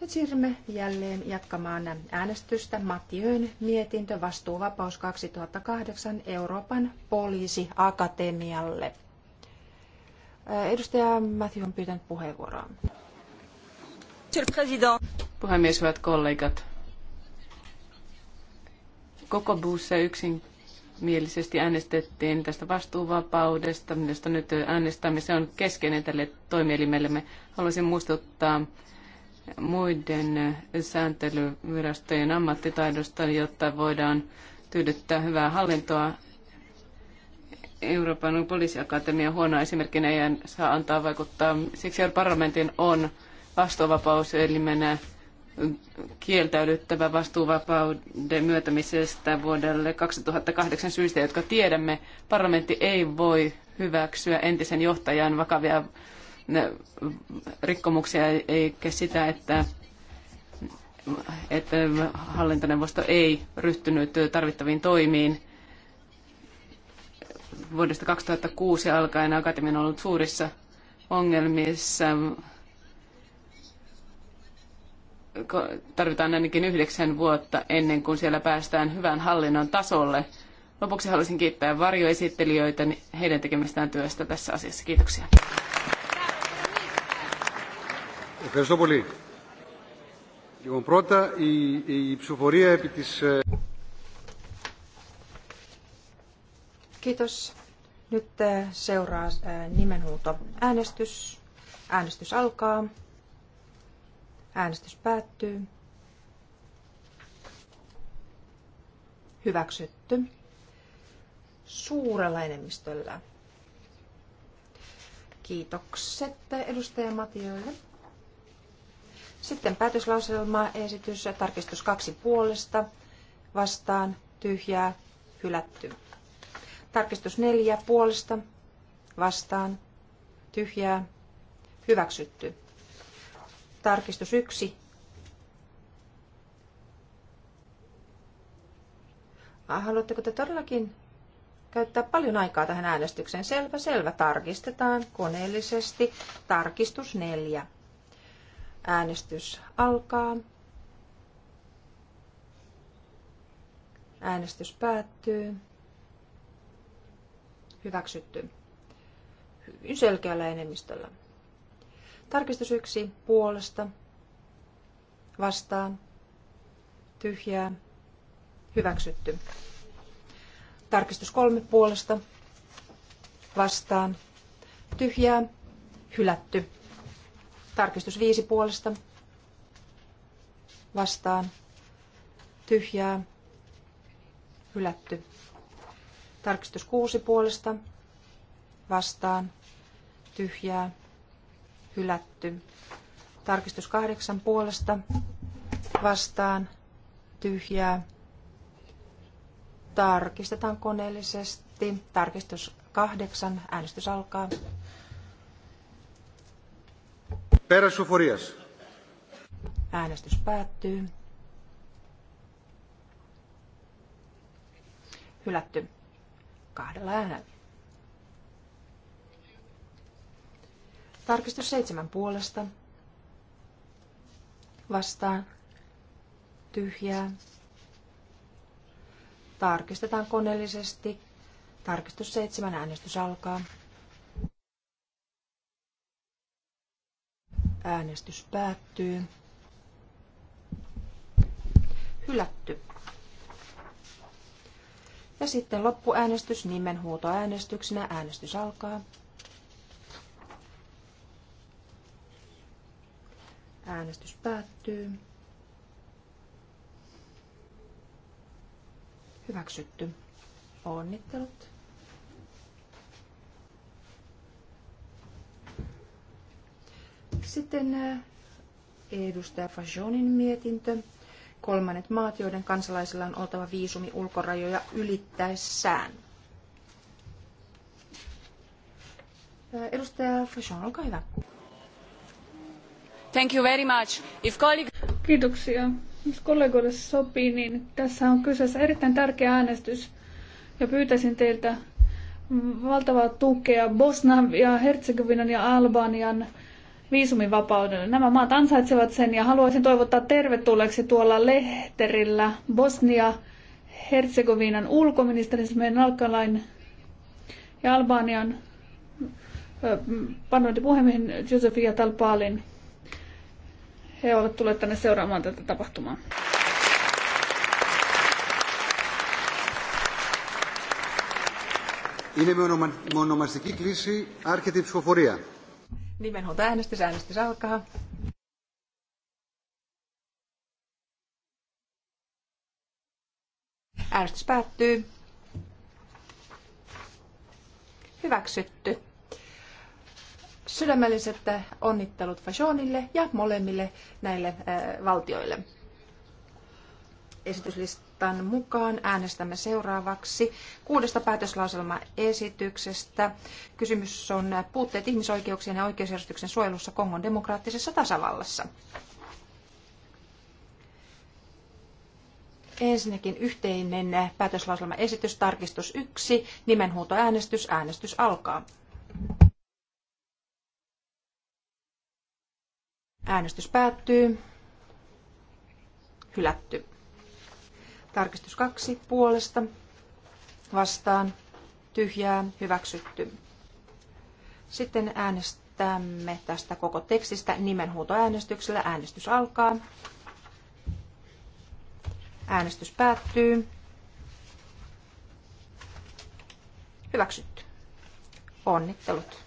Nyt siirrymme jälleen jatkamaan äänestystä. Mattiöön mietintö Vastuuvapaus 2008 Euroopan poliisiakatemialle. Äh, edustaja Matthew on pyytänyt puheenvuoroa. Puhemies, hyvät kollegat. Koko buussa yksin mielisesti äänestettiin tästä vastuuvapaudesta, josta nyt äänestämme. Se on keskeinen tälle toimielimellemme. Haluaisin muistuttaa muiden sääntelyvirastojen ammattitaidosta, jotta voidaan tyydyttää hyvää hallintoa. Euroopan poliisiakatemia huono esimerkkinä ei saa antaa vaikuttaa. Siksi parlamentin on vastuuvapauselimenä kieltäydyttävä vastuuvapauden myötämisestä vuodelle 2008 syistä, jotka tiedämme. Parlamentti ei voi hyväksyä entisen johtajan vakavia rikkomuksia eikä sitä, että, että hallintoneuvosto ei ryhtynyt tarvittaviin toimiin. Vuodesta 2006 alkaen akatemia on ollut suurissa ongelmissa. Tarvitaan ainakin yhdeksän vuotta ennen kuin siellä päästään hyvän hallinnon tasolle. Lopuksi haluaisin kiittää varjoesittelijöitä heidän tekemästään työstä tässä asiassa. Kiitoksia. Ευχαριστώ πολύ. Λοιπόν, πρώτα η, η ψηφορία επί της... Kiitos. Nyt seuraa nimenhuuto. Äänestys. Äänestys alkaa. Äänestys päättyy. Hyväksytty. Suurella enemmistöllä. Kiitokset edustaja Matioille. Sitten päätöslauselma, esitys, tarkistus kaksi puolesta, vastaan, tyhjää, hylätty. Tarkistus neljä puolesta, vastaan, tyhjää, hyväksytty. Tarkistus yksi. Ah, haluatteko te todellakin käyttää paljon aikaa tähän äänestykseen? Selvä, selvä. Tarkistetaan koneellisesti. Tarkistus neljä. Äänestys alkaa. Äänestys päättyy. Hyväksytty. Hyvin selkeällä enemmistöllä. Tarkistus 1 puolesta. Vastaan. Tyhjää. Hyväksytty. Tarkistus 3 puolesta. Vastaan. Tyhjää. Hylätty. Tarkistus viisi puolesta. Vastaan. Tyhjää. Hylätty. Tarkistus kuusi puolesta. Vastaan. Tyhjää. Hylätty. Tarkistus kahdeksan puolesta. Vastaan. Tyhjää. Tarkistetaan koneellisesti. Tarkistus kahdeksan. Äänestys alkaa. Äänestys päättyy. Hylätty kahdella äänellä. Tarkistus seitsemän puolesta. Vastaan. Tyhjää. Tarkistetaan koneellisesti. Tarkistus seitsemän äänestys alkaa. Äänestys päättyy. Hylätty. Ja sitten loppuäänestys nimenhuutoäänestyksenä. Äänestys alkaa. Äänestys päättyy. Hyväksytty. Onnittelut. Sitten eh, edustaja Fajonin mietintö. Kolmannet maat, joiden kansalaisilla on oltava viisumi ulkorajoja ylittäessään. Eh, edustaja Fajon, olkaa hyvä. Thank you very much. If colleague... Kiitoksia. Jos kollegoille sopii, niin tässä on kyseessä erittäin tärkeä äänestys ja pyytäisin teiltä valtavaa tukea Bosnan ja Herzegovinan ja Albanian viisumivapauden. Nämä maat ansaitsevat sen ja haluaisin toivottaa tervetulleeksi tuolla lehterillä Bosnia, Herzegovinan ulkoministerin meidän Alkalain ja Albanian parlamentin puhemiehen Josefia Talpaalin. He ovat tulleet tänne seuraamaan tätä tapahtumaa. Είναι με ονομαστική κλίση άρχεται η ψηφοφορία. Nimenhuolto äänestys, äänestys alkaa. Äänestys päättyy. Hyväksytty. Sydämelliset onnittelut Fashionille ja molemmille näille äh, valtioille esityslistan mukaan äänestämme seuraavaksi kuudesta päätöslauselmaesityksestä. Kysymys on puutteet ihmisoikeuksien ja oikeusjärjestyksen suojelussa Kongon demokraattisessa tasavallassa. Ensinnäkin yhteinen päätöslauselmaesitys, tarkistus 1, nimenhuutoäänestys, äänestys alkaa. Äänestys päättyy. Hylätty. Tarkistus kaksi puolesta vastaan tyhjää hyväksytty. Sitten äänestämme tästä koko tekstistä nimenhuutoäänestyksellä. Äänestys alkaa. Äänestys päättyy. Hyväksytty. Onnittelut.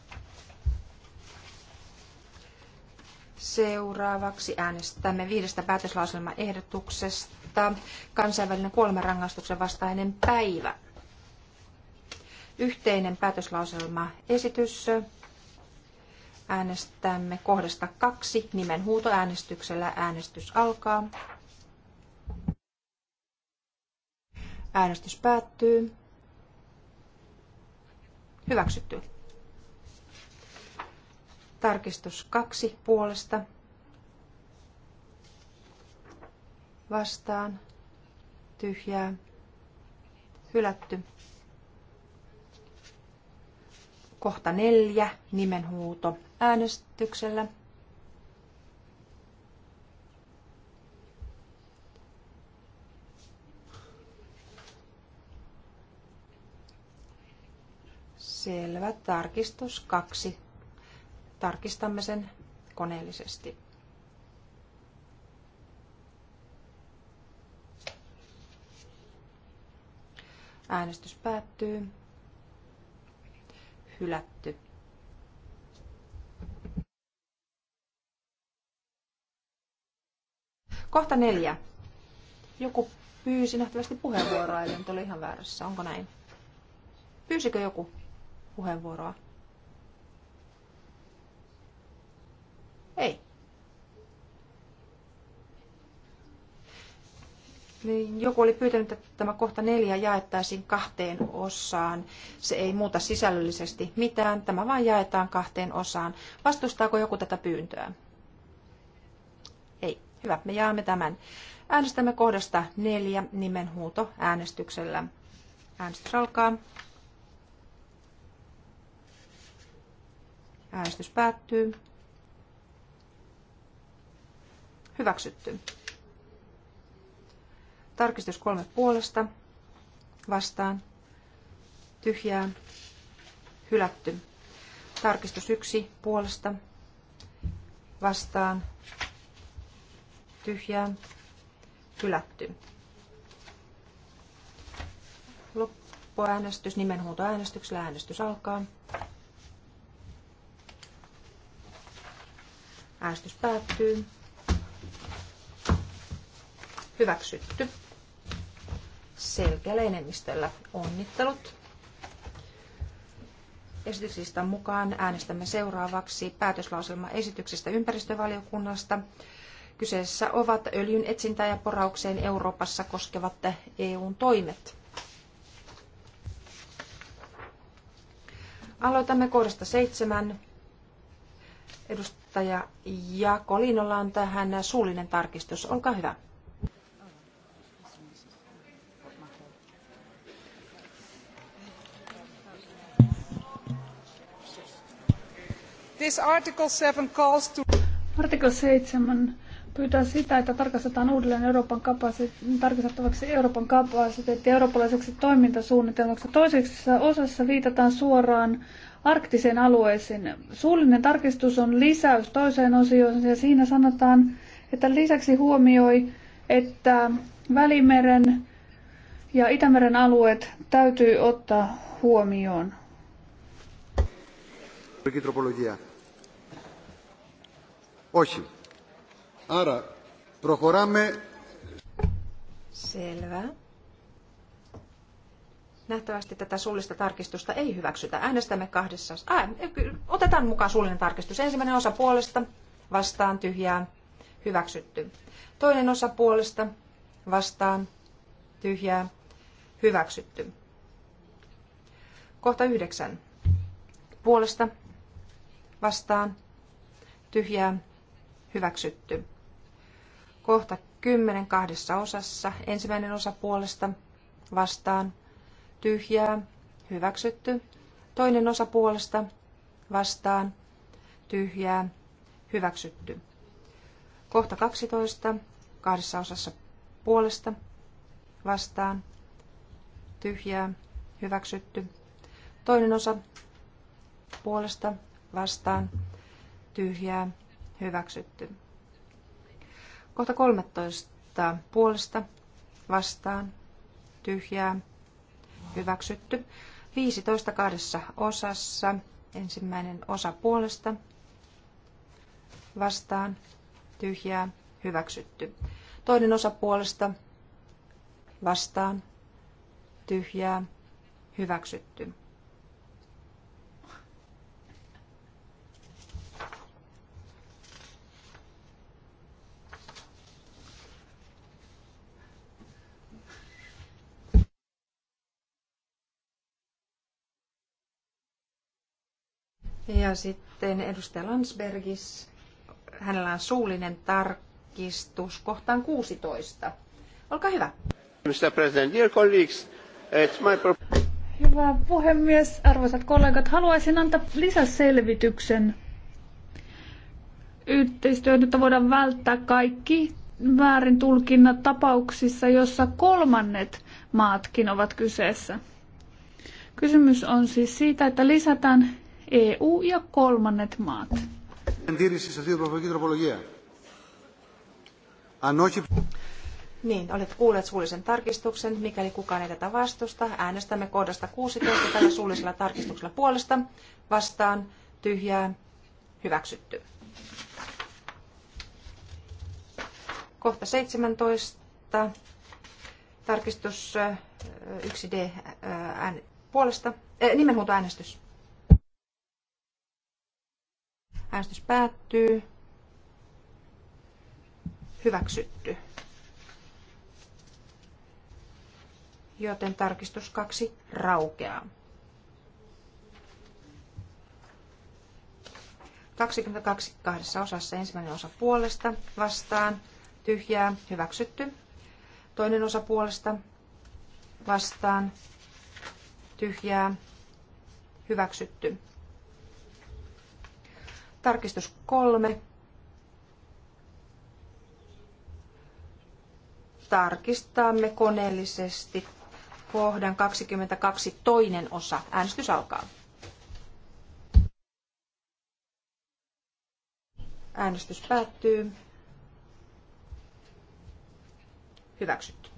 Seuraavaksi äänestämme viidestä päätöslauselmaehdotuksesta aloittaa kansainvälinen kuolemanrangaistuksen vastainen päivä. Yhteinen päätöslauselma esitys. Äänestämme kohdasta kaksi nimen huutoäänestyksellä. Äänestys alkaa. Äänestys päättyy. Hyväksytty. Tarkistus kaksi puolesta vastaan, tyhjää, hylätty. Kohta neljä, nimenhuuto äänestyksellä. Selvä. Tarkistus kaksi. Tarkistamme sen koneellisesti. Äänestys päättyy. Hylätty. Kohta neljä. Joku pyysi nähtävästi puheenvuoroa, eli nyt oli ihan väärässä. Onko näin? Pyysikö joku puheenvuoroa? Niin joku oli pyytänyt, että tämä kohta neljä jaettaisiin kahteen osaan. Se ei muuta sisällöllisesti mitään, tämä vain jaetaan kahteen osaan. Vastustaako joku tätä pyyntöä? Ei. Hyvä, me jaamme tämän. Äänestämme kohdasta neljä nimenhuuto äänestyksellä. Äänestys alkaa. Äänestys päättyy. Hyväksytty. Tarkistus kolme puolesta. Vastaan. Tyhjää. Hylätty. Tarkistus yksi puolesta. Vastaan. Tyhjää. Hylätty. Loppuäänestys nimenhuutoäänestyksellä. Äänestys alkaa. Äänestys päättyy hyväksytty selkeällä enemmistöllä. Onnittelut. Esityksistä mukaan äänestämme seuraavaksi päätöslauselma esityksestä ympäristövaliokunnasta. Kyseessä ovat öljyn etsintä ja poraukseen Euroopassa koskevat EUn toimet. Aloitamme kohdasta seitsemän. Edustaja Jakolinolla on tähän suullinen tarkistus. Olkaa hyvä. This article 7 calls to... Article 7 pyytää sitä, että tarkastetaan uudelleen Euroopan kapasite- tarkastettavaksi Euroopan kapasiteetti eurooppalaiseksi toimintasuunnitelmaksi. Toisessa osassa viitataan suoraan arktiseen alueeseen. Suullinen tarkistus on lisäys toiseen osioon ja siinä sanotaan, että lisäksi huomioi, että Välimeren ja Itämeren alueet täytyy ottaa huomioon. Όχι. Άρα προχωράμε... Selvä. Nähtävästi tätä suullista tarkistusta ei hyväksytä. Äänestämme kahdessa. Ää, otetaan mukaan suullinen tarkistus. Ensimmäinen osa puolesta, vastaan tyhjää, hyväksytty. Toinen osa puolesta, vastaan tyhjää, hyväksytty. Kohta yhdeksän. Puolesta, vastaan, tyhjää, hyväksytty. Kohta 10 kahdessa osassa. Ensimmäinen osa puolesta vastaan tyhjää hyväksytty. Toinen osa puolesta vastaan tyhjää hyväksytty. Kohta 12 kahdessa osassa puolesta vastaan tyhjää hyväksytty. Toinen osa puolesta vastaan tyhjää Hyväksytty. Kohta 13. Puolesta, vastaan, tyhjää, hyväksytty. 15 kahdessa osassa. Ensimmäinen osa puolesta, vastaan, tyhjää, hyväksytty. Toinen osa puolesta, vastaan, tyhjää, hyväksytty. Ja sitten edustaja Landsbergis, hänellä on suullinen tarkistus kohtaan 16. Olkaa hyvä. Mr. President, dear colleagues, it's my... Hyvä puhemies, arvoisat kollegat, haluaisin antaa lisäselvityksen yhteistyöhön, että voidaan välttää kaikki väärin tulkinnat tapauksissa, jossa kolmannet maatkin ovat kyseessä. Kysymys on siis siitä, että lisätään EU ja kolmannet maat. Niin, olet kuulleet suullisen tarkistuksen. Mikäli kukaan ei tätä vastusta, äänestämme kohdasta 16 tällä suullisella tarkistuksella puolesta. Vastaan, tyhjää, hyväksytty. Kohta 17. Tarkistus 1D ään, puolesta. Äh, äänestys. Äänestys päättyy. Hyväksytty. Joten tarkistus 2 raukeaa. 22 kahdessa osassa ensimmäinen osa puolesta vastaan tyhjää hyväksytty. Toinen osa puolesta vastaan tyhjää hyväksytty. Tarkistus kolme. Tarkistamme koneellisesti kohdan 22 toinen osa. Äänestys alkaa. Äänestys päättyy. Hyväksytty.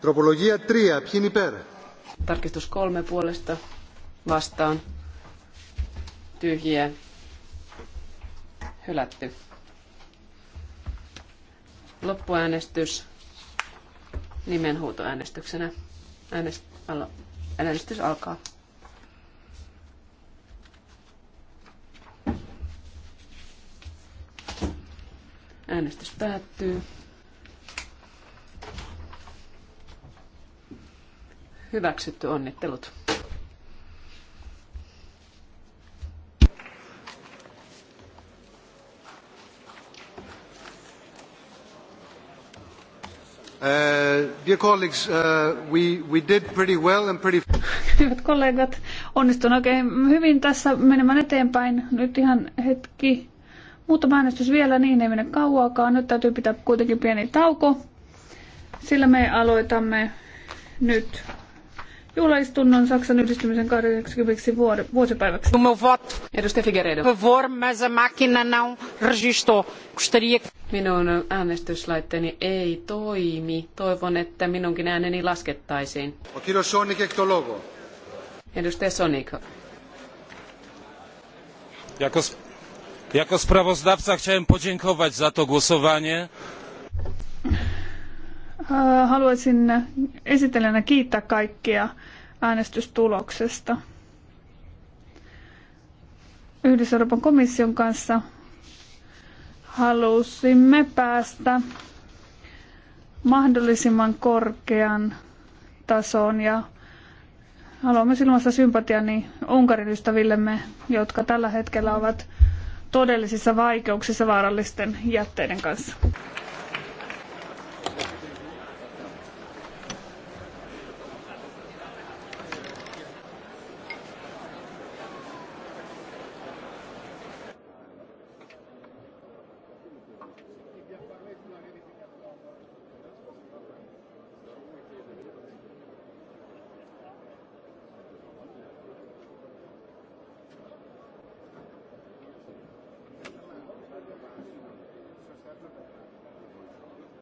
Tropologia 3, pieni per. Tarkistus kolme puolesta vastaan. Tyhjiä, hylätty. Loppuäänestys nimenhuutoäänestyksenä. Äänest, äänestys alkaa. Äänestys päättyy. Hyväksytty onnittelut. Hyvät kollegat, onnistun oikein hyvin tässä menemään eteenpäin. Nyt ihan hetki. Muutama äänestys vielä, niin ei mene kauaakaan. Nyt täytyy pitää kuitenkin pieni tauko, sillä me aloitamme nyt juhlaistunnon Saksan yhdistymisen 80 vuosipäiväksi. edustaja Figueiredo. Por favor, mas a máquina não registrou. Gostaria Minun äänestyslaitteeni ei toimi. Toivon, että minunkin ääneni laskettaisiin. Sonic ektologo. Edustaja Sonic. Jako, jako sprawozdawca chciałem podziękować za to głosowanie. Äh, haluaisin esittelijänä kiittää kaikkia äänestystuloksesta. Yhdessä Euroopan komission kanssa halusimme päästä mahdollisimman korkean tasoon ja haluamme ilmaista sympatiani Unkarin ystävillemme, jotka tällä hetkellä ovat todellisissa vaikeuksissa vaarallisten jätteiden kanssa.